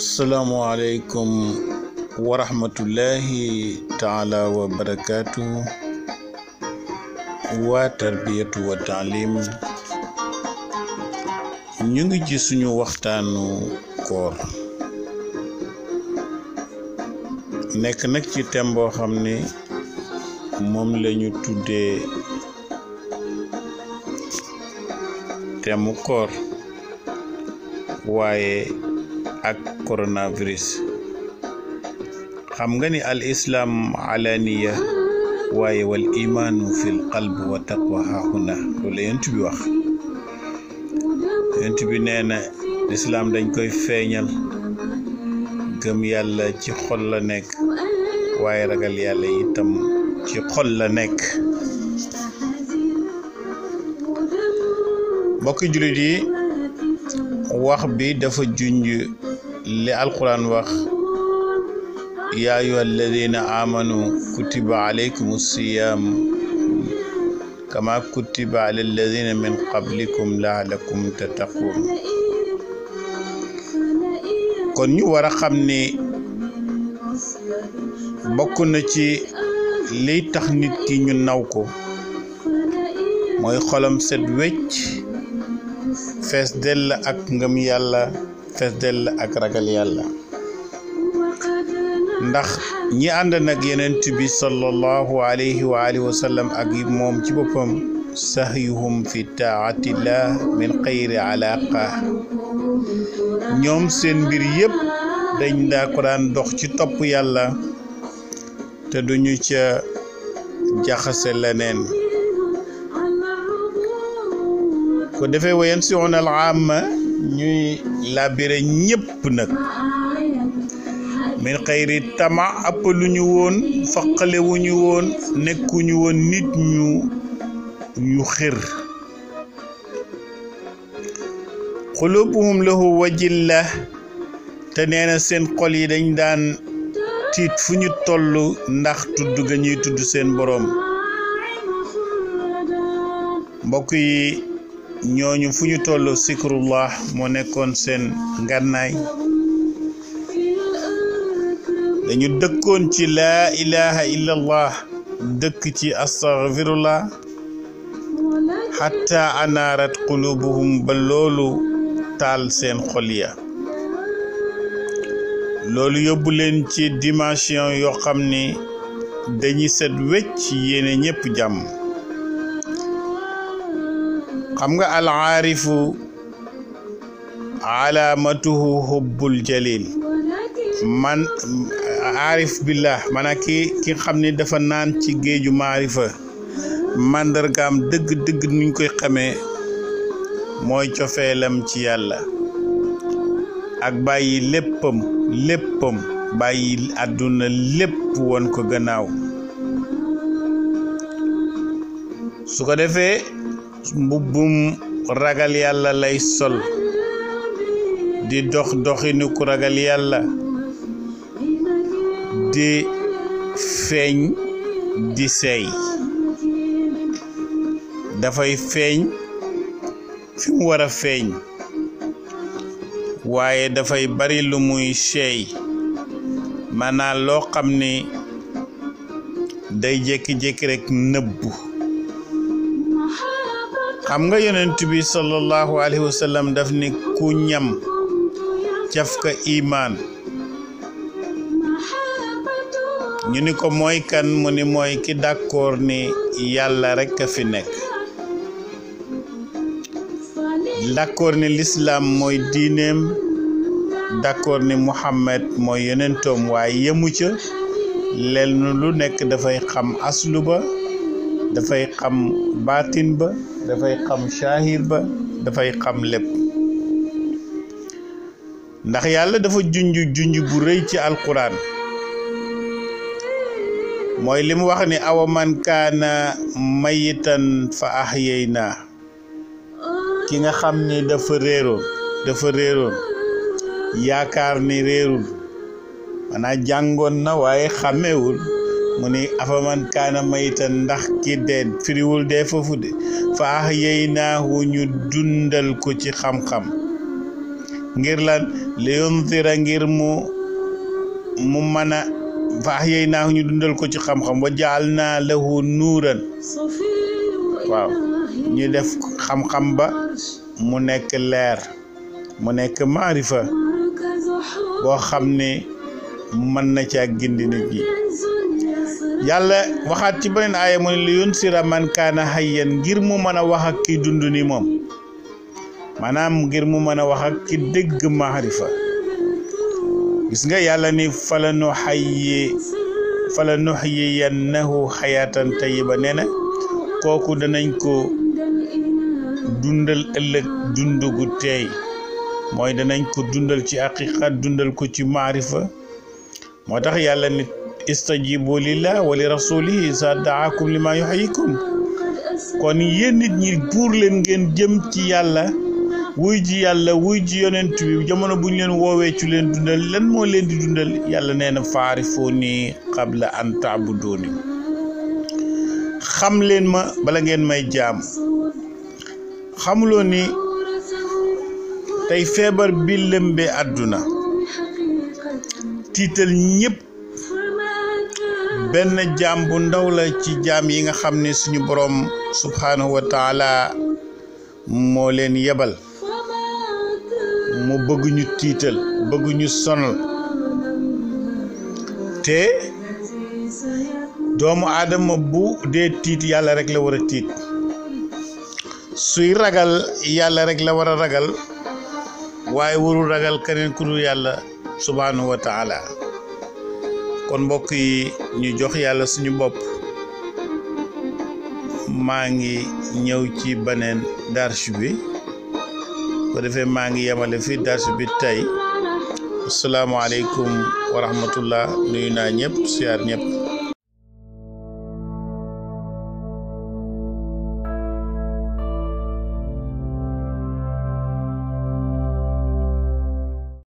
asalaamualeykum wa rahmatullahi taala wa barakaatu waa tarbiyatu wa taalim ñu ngi ci suñu waxtaanu koor nekk nag ci thème xam ne moom la tuddee temu mu koor waaye ak coronavirus xam nga ni al islaam alaaniya waaye wal imaanu fil qalb wa taqwa haahuna loolu yent bi wax yent bi nee na lislaam dañ koy feeñal gëm yàlla ci xol la nekk waaye ragal yàlla itam ci xol la nekk mbokki jullit yi wax bi dafa junj li alquran wax yaa ayuha alladina amanu kutiba alaykum siyam kama kutiba ala alladina min qablikum laalakum tattaqun kon ñu war a xam ni bokk na ci liy tax nit ki ñu naw ko mooy xolam set wecc fees dell ak ngëm yàlla fees dell ak ragal yàlla ndax ñi ànd nag yenent bi sallallahu alayhi wa alihi wa sallam moom ci boppam sahyuhum fi taatillah min xayri alaqa ñoom seen mbir yépp dañ daa ko daan dox ci topp yàlla te duñu ca jaxase leneen ko defee wayen si on al amma ñuy labiré ñépp nag min xayri tama appaluñu woon faqalewuñu woon nekkuñu woon nit ñu ñu xir xulubuhum lahu la te nee na seen xol yi dañ daan tiit fu ñu tollu ndax tudd ga ñuy tudd seen boroom mbokk yi ñooñu fu ñu tollu sikrullah moo nekkoon seen ngànnaay dañu dëkkoon ci laa ilaha illallah dëkk ci astaghfirullah xatta anaarat qulubuhum ba loolu taal seen xol ya loolu yóbbu leen ci dimasiyon yoo xam ni dañuy set wecc yéene ñépp jàmm xam nga al aarifu alaamatuhu hubbul jalil man aarif ki xam ni dafa naan ci géeju maarifa màndargaam dëgg dëgg nuñ koy xamee mooy cofeelam ci yàlla ak bàyyi léppam léppam bàyyi àdduna lépp woon ko gannaaw su ko defee mbubbum ragal yalla lay sol di dox doxinu ku ragal yalla di feñ di da dafay feeñ fi mu wara feñ waye da fay bari lu muy sey mana lo xamni day jek jek rek xam nga yonent bi sallallahu alayhi wa sallam daf ni ku ñam cafka imaan ñu ni ko mooy kan mu ni mooy ki d'accord ni yàlla rekk a fi nekk d'accord ni lislaam mooy diineem d'accord ni Muhammad mooy yonentoom waaye yemu ca lenn lu nekk dafay xam aslu ba dafay xam baatin ba fay xam shahir ba fay xam lepp ndax yàlla dafa junju junj bu ci alquran moy li wax ni aw man kana mayitan fa ahyayna ki nga xam ni dafa réeroon dafa réeroon yaakar ni réerul mana jangon na waye xamewul mu ni afaman kaana maytan ndax ki dee firiwul dee foofu de fa ahyaynahu ñu dundal ko ci xam-xam ngir lan li yunzira ngir mu mu mën a fa ahyaynahu ñu dundal ko ci xam-xam wa jaalnaa lahu nuuran waaw ñu def xam-xam ba mu nekk leer mu nekk maarifa boo xam ne mën na ci ak gindi nit yi yàlla waxaat ci beneen aaya mu ne li yun sira man kaana hayyan ngir mu mën a wax ak ki dund ni moom maanaam ngir mu mën a wax ak ki dégg maarifa gis nga yàlla ni fala nu xayyi fala nuxyiyannahu xayaatan tayiba nee na kooku danañ ko dundal ëllëg dund gu teey mooy danañ ko dundal ci aqiqa dundal ko ci maarifa moo tax yàlla nit istajibu lillah wa li rasulihi sa daakum lima yuhyikum kon yéen nit ñi buur leen ngeen jëm ci yàlla wuy ji yàlla wuy ji yonent bi jamono bu ñu leen woowee ci leen dundal lan moo leen di dundal yàlla nee na faarifoo nii qabla an taabudooni xam leen ma bala ngeen may jaam xamuloo ni tey feebar bi lëmbee àdduna tiital ñépp benn jaam bu ndaw la ci jaam yi nga xam ne suñu boroom subhaanahu taala moo leen yebal mu bëgg ñu tiital bëgg ñu te doomu aadama bu dee tiit yàlla rek la war a tiit suy ragal yàlla rek la war a ragal waaye warul ragal keneen ku dul yàlla subhaanahu wa taala kon mbokk yi ñu jox yàlla suñu bopp maa ngi ñëw ci beneen darche bi ko defee maa ngi yemale fi darche bi tey asalaamaaleykum wa rahmatullah nuyu naa ñëpp siyaar ñëpp